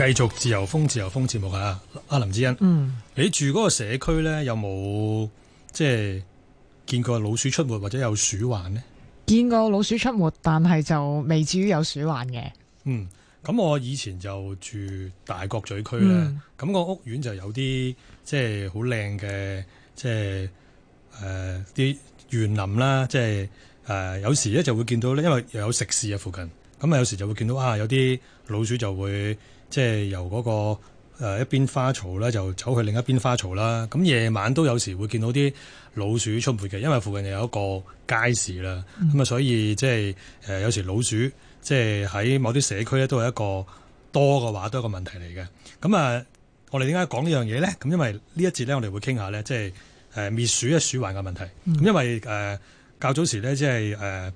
繼續自由風自由風節目啊！阿林子欣，嗯，你住嗰個社區呢？有冇即係見過老鼠出沒或者有鼠患呢？見過老鼠出沒，出沒但係就未至於有鼠患嘅。嗯，咁我以前就住大角咀區咧，咁、嗯、個屋苑就有啲即係好靚嘅，即係誒啲園林啦，即係誒有時呢就會見到呢，因為又有食肆啊附近，咁啊有時就會見到，有有有會見到啊有啲老鼠就會。即係由嗰個一邊花槽咧，就走去另一邊花槽啦。咁夜晚都有時會見到啲老鼠出沒嘅，因為附近又有一個街市啦。咁啊、嗯，所以即係有時老鼠即係喺某啲社區咧，都係一個多嘅話，都係一個問題嚟嘅。咁啊，我哋點解講呢樣嘢咧？咁因為呢一節咧，我哋會傾下咧，即係滅鼠呀鼠患嘅問題。嗯、因為誒、呃、較早時咧，即係誒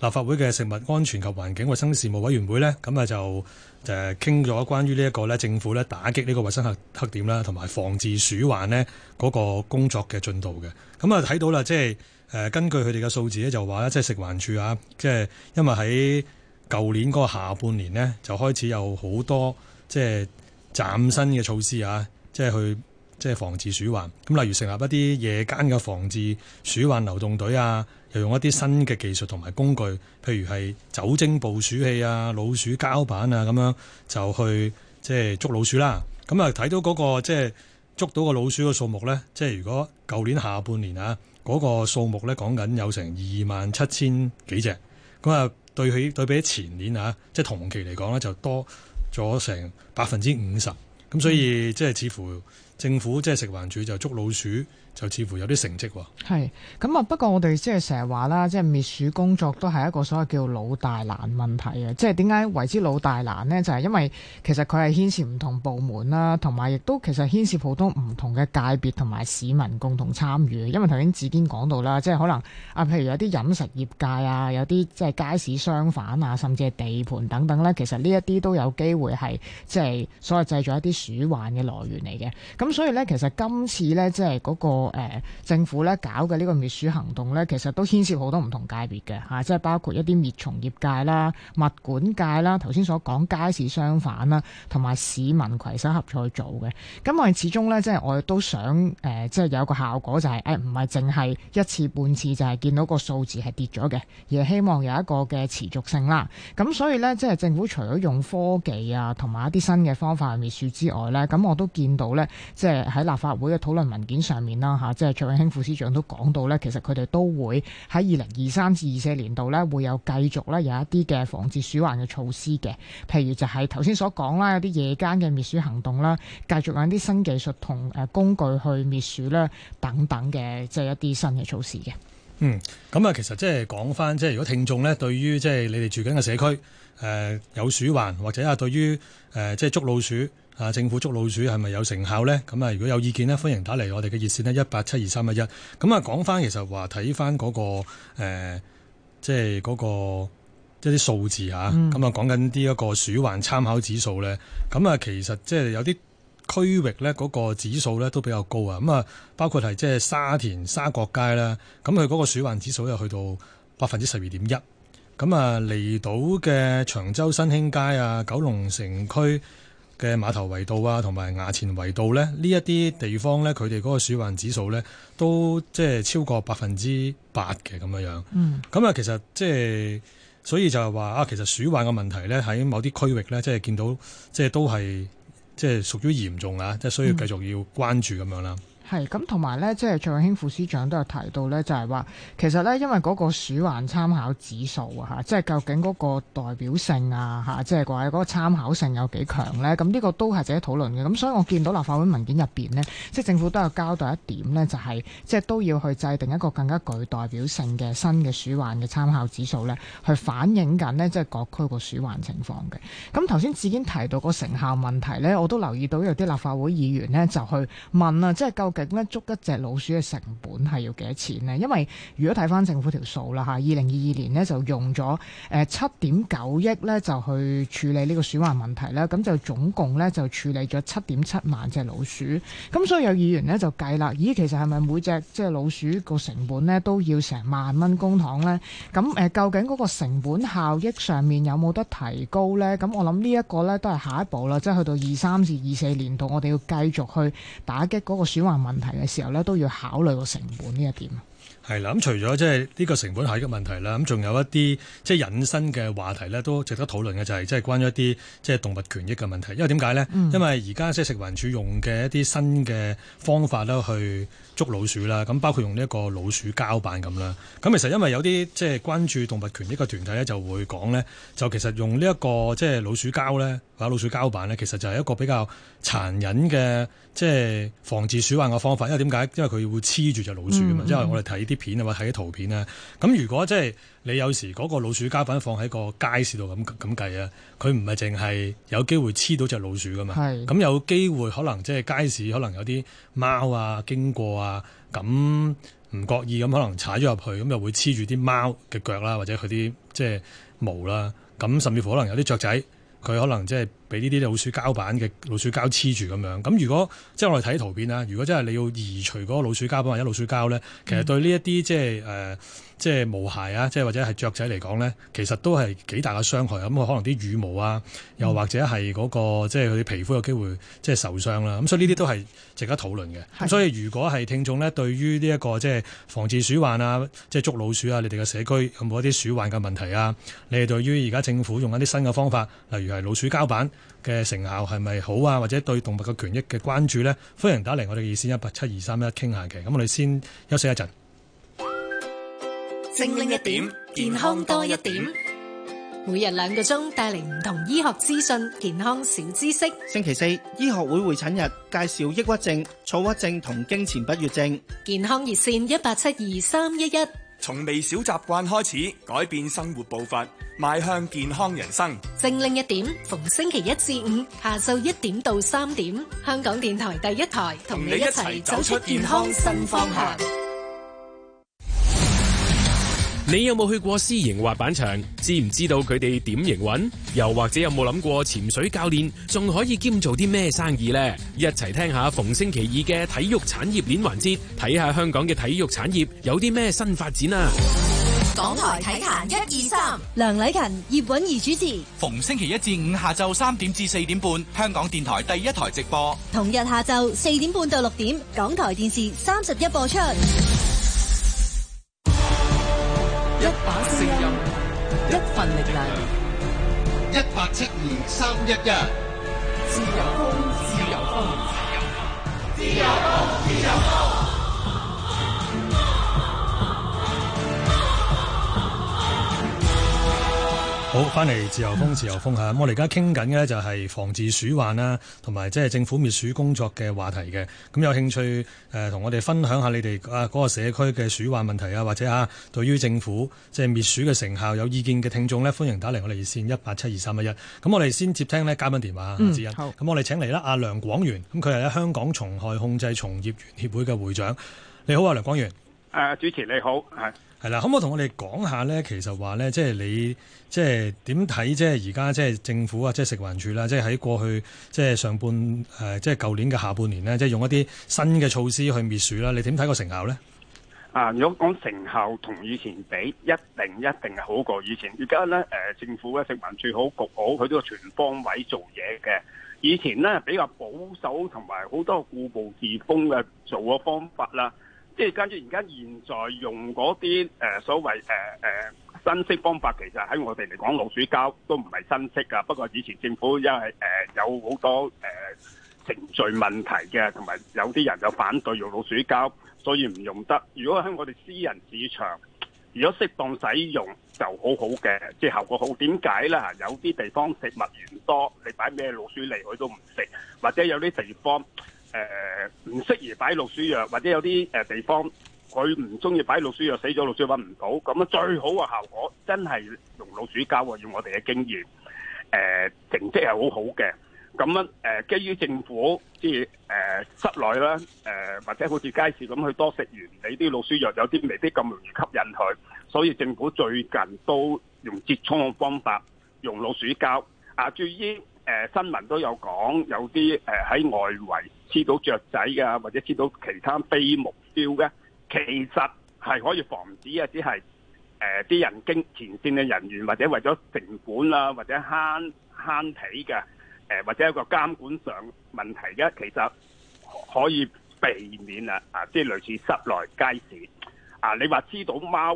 立法會嘅食物安全及環境衞生事務委員會咧，咁啊就。就係傾咗關於呢一個咧，政府咧，打擊呢個衞生黑黑點啦，同埋防治鼠患呢嗰個工作嘅進度嘅。咁啊，睇到啦，即係誒根據佢哋嘅數字咧，就話咧，即係食環署啊，即係因為喺舊年嗰個下半年呢，就開始有好多即係嶄新嘅措施啊，即係去。即係防治鼠患咁，例如成立一啲夜間嘅防治鼠患流動隊啊，又用一啲新嘅技術同埋工具，譬如係酒精捕鼠器啊、老鼠膠板啊，咁樣就去即係捉老鼠啦。咁啊、嗰個，睇到嗰個即係捉到個老鼠嘅數目呢。即係如果舊年下半年啊，嗰、嗰個數目呢講緊有成二萬七千幾隻，咁啊對起對比起前年啊，即係同期嚟講呢就多咗成百分之五十咁，所以、嗯、即係似乎。政府即係食環署就捉老鼠。就似乎有啲成績喎。係咁啊，不過我哋即係成日話啦，即係滅鼠工作都係一個所謂叫老大難問題啊！即係點解為之老大難咧？就係、是、因為其實，佢係牽涉唔同部門啦，同埋亦都其實牽涉好多唔同嘅界別同埋市民共同參與，因為頭先子堅講到啦，即係可能啊，譬如有啲飲食業界啊，有啲即係街市商販啊，甚至係地盤等等咧，其實呢一啲都有機會，係即係所謂製造一啲鼠患嘅來源嚟嘅。咁所以咧，其實今次咧，即係嗰、那個。誒、呃、政府咧搞嘅呢個滅鼠行動咧，其實都牽涉好多唔同界別嘅嚇、啊，即係包括一啲滅蟲業界啦、物管界啦、頭先所講街市商販啦，同埋市民携手合作去做嘅。咁我哋始終咧，即係我亦都想誒、呃，即係有一個效果就係、是、誒，唔係淨係一次半次就係見到個數字係跌咗嘅，而係希望有一個嘅持續性啦。咁所以咧，即係政府除咗用科技啊，同埋一啲新嘅方法去滅鼠之外咧，咁我都見到咧，即係喺立法會嘅討論文件上面啦。嚇，即係卓永興副司長都講到咧，其實佢哋都會喺二零二三至二四年度咧，會有繼續咧有一啲嘅防治鼠患嘅措施嘅，譬如就係頭先所講啦，有啲夜間嘅滅鼠行動啦，繼續用啲新技術同誒工具去滅鼠啦等等嘅，即係一啲新嘅措施嘅。嗯，咁啊，其實即係講翻，即係如果聽眾咧，對於即係你哋住緊嘅社區，誒有鼠患或者啊，對於誒即係捉老鼠啊，政府捉老鼠係咪有成效咧？咁啊，如果有意見咧，歡迎打嚟我哋嘅熱線咧，一八七二三一一。咁、嗯、啊，講翻其實話睇翻嗰個誒，即係嗰個即係啲數字嚇。咁啊、嗯，講緊啲一個鼠患參考指數咧。咁啊，其實即係有啲。區域咧嗰個指數咧都比較高啊！咁啊，包括係即係沙田沙角街啦。咁佢嗰個鼠患指數又去到百分之十二點一。咁啊，離島嘅長洲新興街啊、九龍城區嘅碼頭圍道啊、同埋衙前圍道咧，呢一啲地方咧，佢哋嗰個鼠患指數咧都即係超過百分之八嘅咁樣樣。嗯，咁啊，其實即係所以就係話啊，其實鼠患嘅問題咧喺某啲區域咧，即係見到即係都係。即係屬於嚴重啦，即係需要繼續要關注咁樣啦。嗯係咁，同埋咧，即係卓永興副司長都有提到咧，就係話其實咧，因為嗰個鼠患參考指數啊，即係究竟嗰個代表性啊，啊即係話嗰個參考性有幾強咧？咁呢個都係值得討論嘅。咁所以我見到立法會文件入面呢，即係政府都有交代一點咧，就係、是、即係都要去制定一個更加具代表性嘅新嘅鼠患嘅參考指數咧，去反映緊呢，即係各區個鼠患情況嘅。咁頭先至堅提到個成效問題咧，我都留意到有啲立法會議員咧就去問啊，即係究竟。究竟捉一隻老鼠嘅成本係要幾多錢呢？因為如果睇翻政府條數啦嚇，二零二二年呢就用咗誒七點九億咧就去處理呢個鼠患問題啦，咁就總共咧就處理咗七點七萬隻老鼠。咁所以有議員呢就計啦，咦其實係咪每隻即係老鼠個成本咧都要成萬蚊公帑呢？咁誒究竟嗰個成本效益上面有冇得提高呢？咁我諗呢一個呢都係下一步啦，即係去到二三至二四年度，我哋要繼續去打擊嗰個鼠患問題。問題嘅時候咧，都要考慮個成本呢一點。係啦，咁除咗即係呢個成本效益嘅問題啦，咁仲有一啲即係引申嘅話題咧，都值得討論嘅就係即係關於一啲即係動物權益嘅問題。因為點解咧？嗯、因為而家即係食環署用嘅一啲新嘅方法咧，去捉老鼠啦。咁包括用呢一個老鼠膠板咁啦。咁其實因為有啲即係關注動物權益嘅團體咧，就會講咧，就其實用呢一個即係老鼠膠咧，或者老鼠膠板咧，其實就係一個比較殘忍嘅即係防治鼠患嘅方法。因為點解？因為佢會黐住隻老鼠啊嘛。因為、嗯嗯、我哋睇啲片啊，或睇啲圖片啊，咁如果即係你有時嗰個老鼠膠品放喺個街市度咁咁計啊，佢唔係淨係有機會黐到隻老鼠噶嘛，咁是有機會可能即係街市可能有啲貓啊經過啊，咁唔覺意咁可能踩咗入去，咁又會黐住啲貓嘅腳啦，或者佢啲即係毛啦，咁甚至乎些可能有啲雀仔，佢可能即係。俾呢啲老鼠膠板嘅老鼠膠黐住咁樣，咁如果即係我哋睇圖片啦，如果真係你要移除嗰個老鼠膠板或者老鼠膠咧，其實對呢一啲即係誒即係毛孩啊，即係或者係雀仔嚟講咧，其實都係幾大嘅傷害。咁可能啲羽毛啊，又或者係嗰、那個即係佢啲皮膚有機會即係受傷啦、啊。咁所以呢啲都係值得討論嘅。咁的所以如果係聽眾咧，對於呢、這、一個即係防治鼠患啊，即係捉老鼠啊，你哋嘅社區有冇一啲鼠患嘅問題啊？你哋對於而家政府用一啲新嘅方法，例如係老鼠膠板。嘅成效係咪好啊？或者對動物嘅權益嘅關注呢？歡迎打嚟我哋嘅熱線一八七二三一一傾下嘅。咁我哋先休息一陣，精靈一點，健康多一點，每日兩個鐘帶嚟唔同醫學資訊、健康小知識。星期四醫學會會診日，介紹抑鬱症、躁鬱症同經前不悅症。健康熱線一八七二三一一。從微小習慣開始，改變生活步伐，邁向健康人生。精靈一點，逢星期一至五，下晝一點到三點，香港電台第一台同你一齊走出健康新方向。你有冇去過私營滑板場？知唔知道佢哋點營運？又或者有冇諗過潛水教練仲可以兼做啲咩生意呢？一齊聽下逢星期二嘅體育產業鏈環節，睇下香港嘅體育產業有啲咩新發展啊！港台體壇一二三，1, 2, 梁禮勤、葉韻儀主持。逢星期一至五下晝三點至四點半，香港電台第一台直播；同日下晝四點半到六點，港台電視三十一播出。一八七二三一一。一翻嚟自由風，自由風嚇！ 我哋而家傾緊嘅咧就係防治鼠患啦，同埋即係政府滅鼠工作嘅話題嘅。咁有興趣誒，同、呃、我哋分享一下你哋啊嗰個社區嘅鼠患問題啊，或者啊對於政府即係滅鼠嘅成效有意見嘅聽眾呢，歡迎打嚟我哋熱線一八七二三一一。咁我哋先接聽咧嘉賓電話，志欣、嗯。咁我哋請嚟啦，阿梁廣源，咁佢係咧香港蟲害控制從業員協會嘅會長。你好啊，梁廣源。誒，主持你好，係。係啦，可唔可以同我哋講下咧？其實話咧，即係你即係點睇？即係而家即係政府啊，即係食環署啦，即係喺過去即係上半誒、呃，即係舊年嘅下半年咧，即係用一啲新嘅措施去滅鼠啦。你點睇個成效咧？啊，如果講成效同以前比，一定一定係好過以前。而家咧，誒、呃，政府嘅食環署好，局好，佢都係全方位做嘢嘅。以前咧比較保守，同埋好多固步自封嘅做嘅方法啦。即係跟住，而家現在用嗰啲誒所謂誒誒新式方法，其實喺我哋嚟講，老鼠膠都唔係新式㗎。不過以前政府因為誒有好多誒程序問題嘅，同埋有啲人就反對用老鼠膠，所以唔用得。如果喺我哋私人市場，如果適當使用就好好嘅，即係效果好。點解咧？有啲地方食物源多，你擺咩老鼠嚟佢都唔食，或者有啲地方。誒，唔適、呃、宜擺老鼠藥，或者有啲誒、呃、地方佢唔中意擺老鼠藥，死咗老鼠揾唔到，咁啊最好嘅效果真係用老鼠膠啊！用我哋嘅經驗，誒、呃、成績係好好嘅。咁誒、呃，基於政府即係誒、呃、室內啦，誒、呃、或者好似街市咁，去多食完你啲老鼠藥，有啲未必咁容易吸引佢，所以政府最近都用接觸嘅方法用老鼠膠啊。至於誒、呃、新聞都有講，有啲誒喺外圍。黐到雀仔啊，或者黐到其他非目標嘅，其實係可以防止啊，只係誒啲人經前線嘅人員，或者為咗成本啊，或者慳慳皮嘅誒、呃，或者一個監管上問題嘅，其實可以避免啦啊！即係類似室內街市啊，你話黐到貓，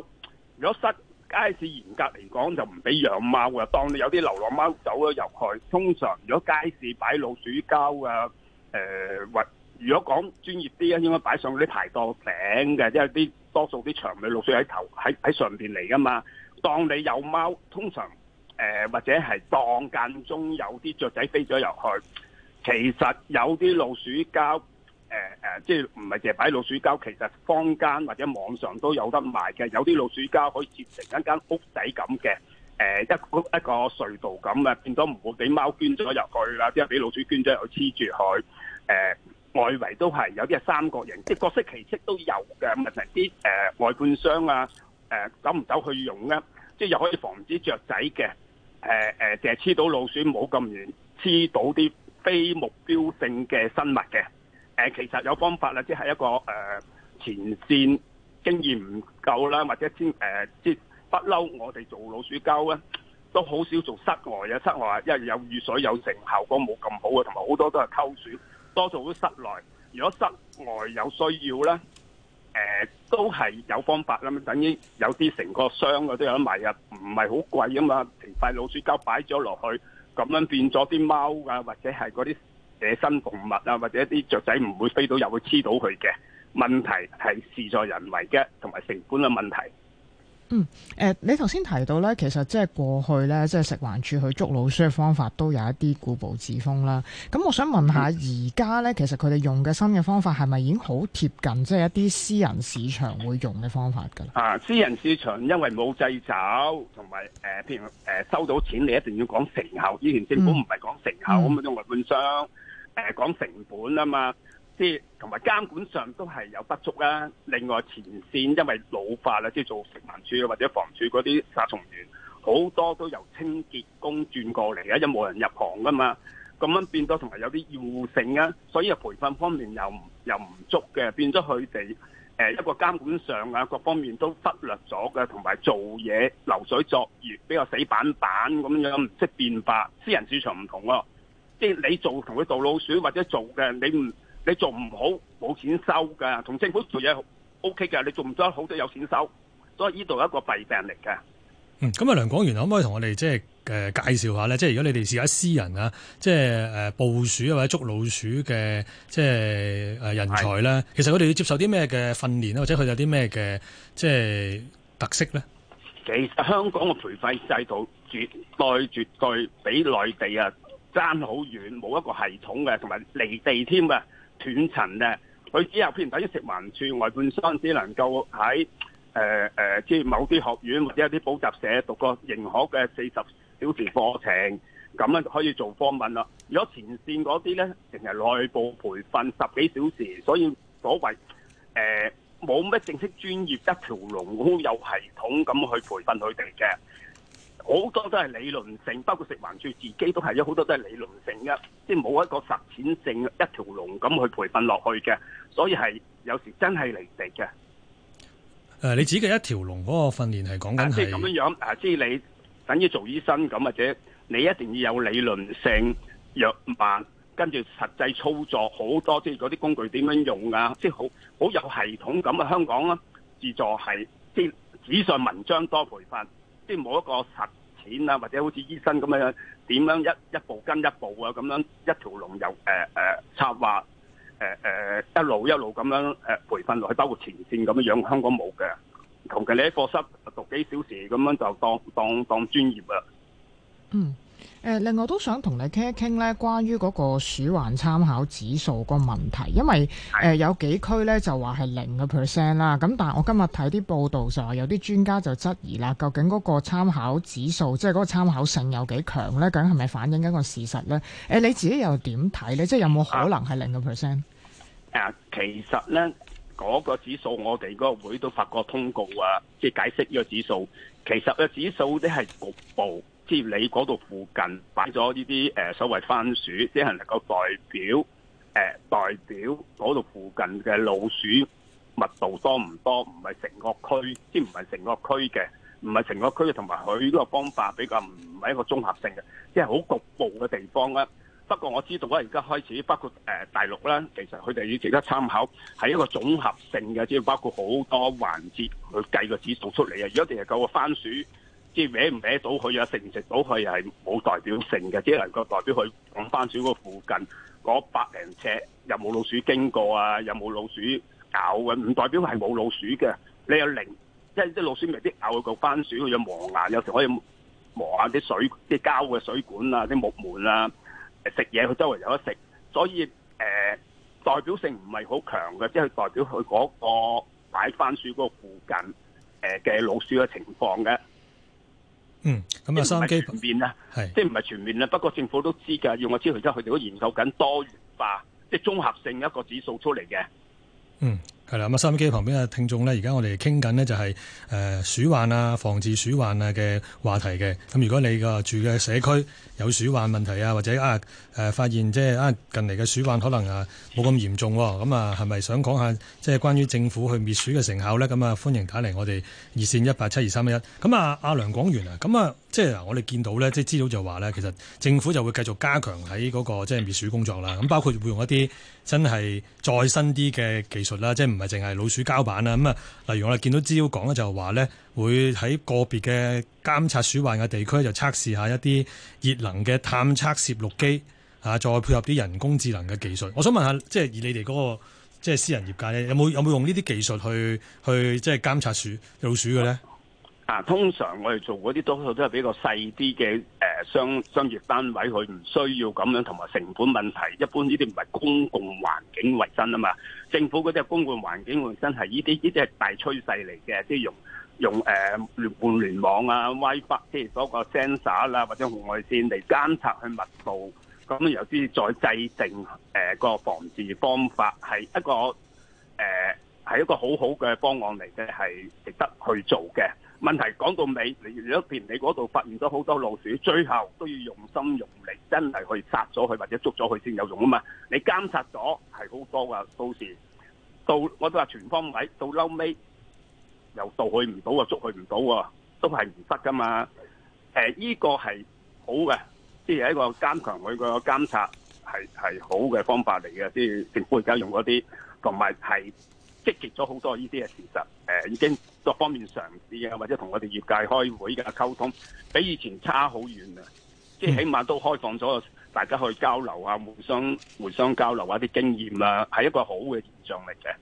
如果室街市嚴格嚟講就唔俾養貓嘅，當你有啲流浪貓走咗入去，通常如果街市擺老鼠膠啊～誒或、呃、如果講專業啲應該擺上嗰啲排檔頂嘅，即係啲多數啲長尾老鼠喺頭喺喺上面嚟噶嘛。當你有貓，通常誒、呃、或者係當間中有啲雀仔飛咗入去，其實有啲老鼠膠誒、呃、即係唔係淨係擺老鼠膠，其實坊間或者網上都有得賣嘅。有啲老鼠膠可以設成一間屋仔咁嘅。誒一個一個隧道咁啊，變咗唔會俾貓捐咗入去啦，即係俾老鼠捐咗入去黐住佢。誒、呃、外圍都係有啲係三角形，即係各式奇跡都有嘅問題。啲誒外判商啊，誒、呃、走唔走去用咧、啊，即係又可以防止雀仔嘅。誒、呃、誒，淨係黐到老鼠冇咁遠，黐到啲非目標性嘅生物嘅。誒、呃、其實有方法啦，即係一個誒、呃、前線經驗唔夠啦，或者先誒、呃、即。不嬲，我哋做老鼠膠咧，都好少做室外啊！室外因為有雨水，有成效果冇咁好啊。同埋好多都係溝鼠，多數都室內。如果室外有需要咧，誒都係有方法啦。咁等於有啲成個箱嗰啲有得賣，唔係好貴啊嘛。成塊老鼠膠擺咗落去，咁樣變咗啲貓啊，或者係嗰啲野生動物啊，或者啲雀仔唔會飛到又會黐到佢嘅問題，係事在人為嘅，同埋成本嘅問題。嗯，誒、呃，你頭先提到咧，其實即係過去咧，即係食環署去捉老鼠嘅方法都有一啲固步自封啦。咁我想問下，而家咧，其實佢哋用嘅新嘅方法係咪已經好貼近即係一啲私人市場會用嘅方法㗎？啊，私人市場因為冇製造，同埋誒，譬如誒收到錢，你一定要講成效。以前政府唔係講成效咁嘅外判商，誒、呃、講成本啊嘛。即係同埋監管上都係有不足啦、啊。另外前線因為老化啦，即係做食環署或者房署嗰啲殺蟲員，好多都由清潔工轉過嚟嘅，因為冇人入行㗎嘛。咁樣變咗同埋有啲要性啊，所以培訓方面又又唔足嘅，變咗佢哋誒一個監管上啊各方面都忽略咗嘅，同埋做嘢流水作業比較死板板咁樣，唔識變化。私人市場唔同喎，即係你做同佢做老鼠或者做嘅，你唔～你做唔好冇錢收㗎，同政府做嘢 OK 㗎，你做唔得好多有錢收，所以呢度係一個弊病嚟嘅。嗯，咁啊梁廣源可唔可以同我哋即係誒介紹下咧？即係如果你哋試下私人啊，即係誒捕鼠或者捉老鼠嘅即係誒人才咧，其實佢哋要接受啲咩嘅訓練呀，或者佢有啲咩嘅即係特色咧？其實香港嘅培訓制度絕絕對絕對比內地啊爭好遠，冇一個系統嘅，同埋離地添嘅。斷層嘅，佢只有譬如等於食環署外判商只能夠喺誒誒，即係某啲學院或者一啲補習社讀個認可嘅四十小時課程，咁樣就可以做科文啦。如果前線嗰啲咧，成日內部培訓十幾小時，所以所謂誒冇乜正式專業一條龍有系統咁去培訓佢哋嘅。好多都係理論性，包括食環署自己都係有好多都係理論性嘅，即係冇一個實踐性一條龍咁去培訓落去嘅，所以係有時真係離地嘅。誒、啊，你指嘅一條龍嗰個訓練係講緊係即係咁樣樣，即係你等於做醫生咁，或者你一定要有理論性藥物，跟住實際操作好多，即係嗰啲工具點樣用啊？即係好好有系統咁啊！香港啦，自助係即係紙上文章多培訓。即係冇一個實踐啊，或者好似醫生咁樣點樣一一步跟一步啊，咁樣一條龍又誒策劃一路一路咁樣培訓落去，包括前線咁樣，香港冇嘅。同佢你喺課室讀幾小時咁樣就當，當，當專業啊。嗯。誒，另外都想同你傾一傾咧，關於嗰個鼠患參考指數個問題，因為誒有幾區咧就話係零嘅 percent 啦。咁但係我今日睇啲報道就話有啲專家就質疑啦，就是，究竟嗰個參考指數即係嗰個參考性有幾強咧？究竟係咪反映緊個事實咧？誒，你自己又點睇咧？即係有冇可能係零嘅 percent？誒，其實咧嗰，那個指數，我哋嗰個會都發過通告啊，即係解釋呢個指數。其實個指數啲係局部。即你嗰度附近擺咗呢啲誒所謂番薯，即係能夠代表誒、呃、代表嗰度附近嘅老鼠密度多唔多？唔係成個區，即唔係成個區嘅，唔係成個區嘅。同埋佢呢個方法比較唔係一個綜合性嘅，即係好局部嘅地方啦。不過我知道啊，而家開始包括誒大陸啦，其實佢哋要值得參考，係一個綜合性嘅，即係包括好多環節去計個指數出嚟啊！如果淨係夠個番薯。即係搲唔搲到佢啊？食唔食到佢又係冇代表性嘅，只能夠代表佢五番薯嗰附近嗰百零尺又冇老鼠經過啊，又冇老鼠咬嘅，唔代表係冇老鼠嘅。你有零即係老鼠未必咬佢個番薯，佢有磨牙有時可以磨下啲水啲膠嘅水管啊，啲木門啦，食嘢佢周圍有得食，所以誒、呃、代表性唔係好強嘅，即係代表佢嗰個擺番薯嗰附近嘅老鼠嘅情況嘅。嗯，咁又唔係全面啦，是即係唔係全面啦。不過政府都知㗎，用我知佢而家佢哋都研究緊多元化，即係綜合性一個指數出嚟嘅。嗯。係啦，咁收音機旁邊嘅聽眾呢，而家我哋傾緊呢就係誒鼠患啊、防治鼠患啊嘅話題嘅。咁如果你個住嘅社區有鼠患問題啊，或者啊誒、呃呃、發現即係啊近嚟嘅鼠患可能啊冇咁嚴重，咁啊係咪想講下即係關於政府去滅鼠嘅成效呢？咁啊歡迎打嚟我哋熱線一八七二三一一。咁啊阿梁廣源啊，咁啊即係我哋見到呢，即係資料就話呢，其實政府就會繼續加強喺嗰、那個即係滅鼠工作啦。咁包括會用一啲。真係再新啲嘅技術啦，即係唔係淨係老鼠膠板啦？咁啊，例如我哋見到資料講咧，就話咧會喺個別嘅監察鼠患嘅地區，就測試一下一啲熱能嘅探測攝錄機啊，再配合啲人工智能嘅技術。我想問下，即係以你哋嗰個即係私人業界咧，有冇有冇用呢啲技術去去即係監察鼠老鼠嘅咧？嗱、啊，通常我哋做嗰啲多數都係比較細啲嘅誒商商業單位，佢唔需要咁樣，同埋成本問題。一般呢啲唔係公共環境衛生啊嘛，政府嗰啲係公共環境衛生係呢啲，呢啲係大趨勢嚟嘅，即、就、係、是、用用誒互、呃、聯網啊、WiFi，即係嗰個 sensor 啦、啊、或者紅外線嚟監察佢密度，咁然後先再制定誒個防治方法，係一個誒係、呃、一個好好嘅方案嚟嘅，係值得去做嘅。問題講到尾，你如果連你嗰度發現咗好多老鼠，最後都要用心用力，真係去殺咗佢或者捉咗佢先有用啊嘛！你監察咗係好多噶，到時到我都話全方位，到嬲尾又到佢唔到啊，捉佢唔到啊，都係唔得噶嘛！誒、呃，依、這個係好嘅，即係一個加強佢個監察係係好嘅方法嚟嘅，即係政府而家用嗰啲同埋係。還積極咗好多呢啲嘅事其實，誒、呃、已經各方面嘗試啊，或者同我哋業界開會嘅溝通，比以前差好遠啊！即係起碼都開放咗，大家去交流啊，互相互相交流一啲經驗啦，係一個好嘅現象嚟嘅。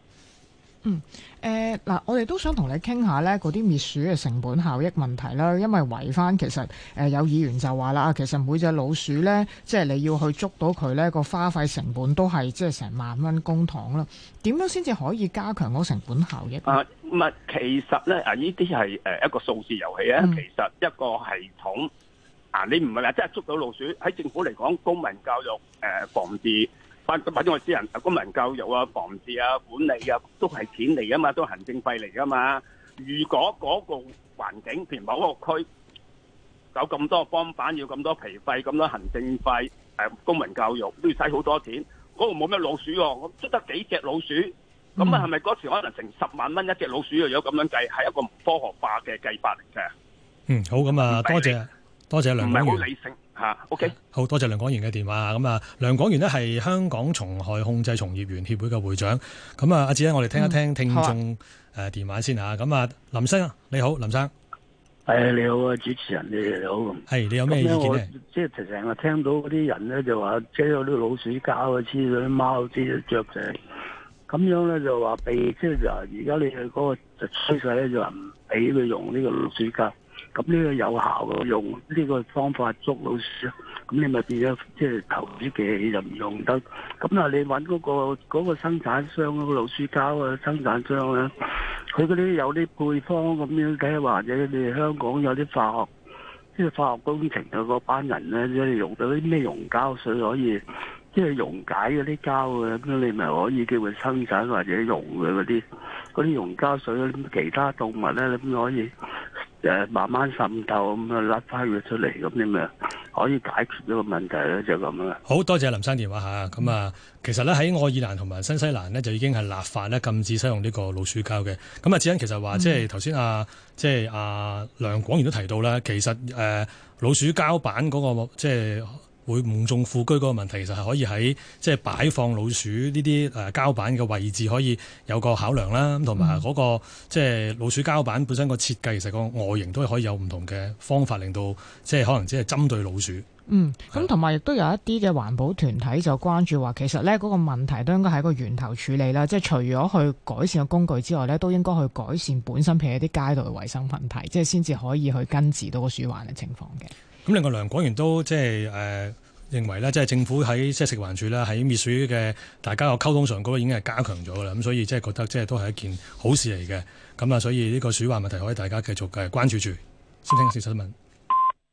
嗯，誒，嗱，我哋都想同你傾下咧嗰啲滅鼠嘅成本效益問題啦，因為圍翻其實誒有議員就話啦，其實每隻老鼠咧，即係你要去捉到佢咧，個花費成本都係即係成萬蚊公帑啦，點樣先至可以加強個成本效益？啊，唔係，其實咧啊，呢啲係誒一個數字遊戲啊，其實一個系統啊，你唔係話即係捉到老鼠，喺政府嚟講，公民教育誒、呃、防治。反反正我私人啊，公民教育啊、防治啊、管理啊，都係錢嚟噶嘛，都行政費嚟噶嘛。如果嗰個環境，譬如某一個區有咁多幫板，要咁多皮費、咁多行政費，誒，公民教育都要使好多錢。嗰度冇咩老鼠喎，我捉得幾隻老鼠，咁啊，係咪嗰時可能成十萬蚊一隻老鼠？如果咁樣計，係一個科學化嘅計法嚟嘅。嗯，好，咁啊，多謝。多謝梁廣源。啊 okay、好 o k 好多謝梁廣源嘅電話。咁、嗯、啊，梁廣源呢係香港蟲害控制從業員協會嘅會長。咁、嗯嗯嗯、啊，阿志我哋聽一聽聽眾誒電話先吓。咁、嗯、啊，林生你好，林生。係、嗯、你好啊，主持人你好。係你有咩意見呢？即係成日聽到嗰啲人咧就話，即係有啲老鼠膠黐咗啲貓，黐咗雀仔。咁樣咧就話被即係話，而家你去嗰個趨勢咧就話唔俾佢用呢個老鼠膠。咁呢個有效嘅用呢個方法捉老鼠，咁你咪變咗即係投資嘅，就唔用得。咁啊、嗰個，你搵嗰個嗰個生產商嗰、嗰個老鼠膠嘅、啊、生產商咧、啊，佢嗰啲有啲配方咁樣，或者你香港有啲化學，即係化學工程嘅嗰班人咧，即係用到啲咩溶膠水可以，即係溶解嗰啲膠嘅咁，你咪可以叫佢生產或者溶嘅嗰啲嗰啲溶膠水，其他動物咧，你點可以？誒慢慢滲透咁啊，甩翻佢出嚟咁樣，樣，你咪可以解決呢個問題咧，就咁，是，啦。好多謝林生電話嚇，咁啊、嗯，其實咧喺愛爾蘭同埋新西蘭呢，就已經係立法咧禁止使用呢個老鼠膠嘅。咁啊，智因其實話，嗯、即係頭先啊，即係阿、啊、梁廣源都提到啦，其實誒、啊、老鼠膠板嗰、那個即係。會誤中副車嗰個問題，其實係可以喺即係擺放老鼠呢啲誒膠板嘅位置，可以有個考量啦。同埋嗰個即係老鼠膠板本身個設計，其實個外形都可以有唔同嘅方法，令到即係可能只係針對老鼠。嗯，咁同埋亦都有一啲嘅環保團體就關注話，其實呢嗰個問題都應該係一個源頭處理啦。即係除咗去改善個工具之外呢，都應該去改善本身，譬如一啲街道嘅衞生問題，即係先至可以去根治到鼠患嘅情況嘅。咁另外梁廣源都即係誒認為咧，即係政府喺即係食環署咧喺滅鼠嘅大家嘅溝通上，嗰個已經係加強咗啦。咁所以即係覺得即係都係一件好事嚟嘅。咁啊，所以呢個鼠患問題可以大家繼續繼續關注住。先聽下先新聞。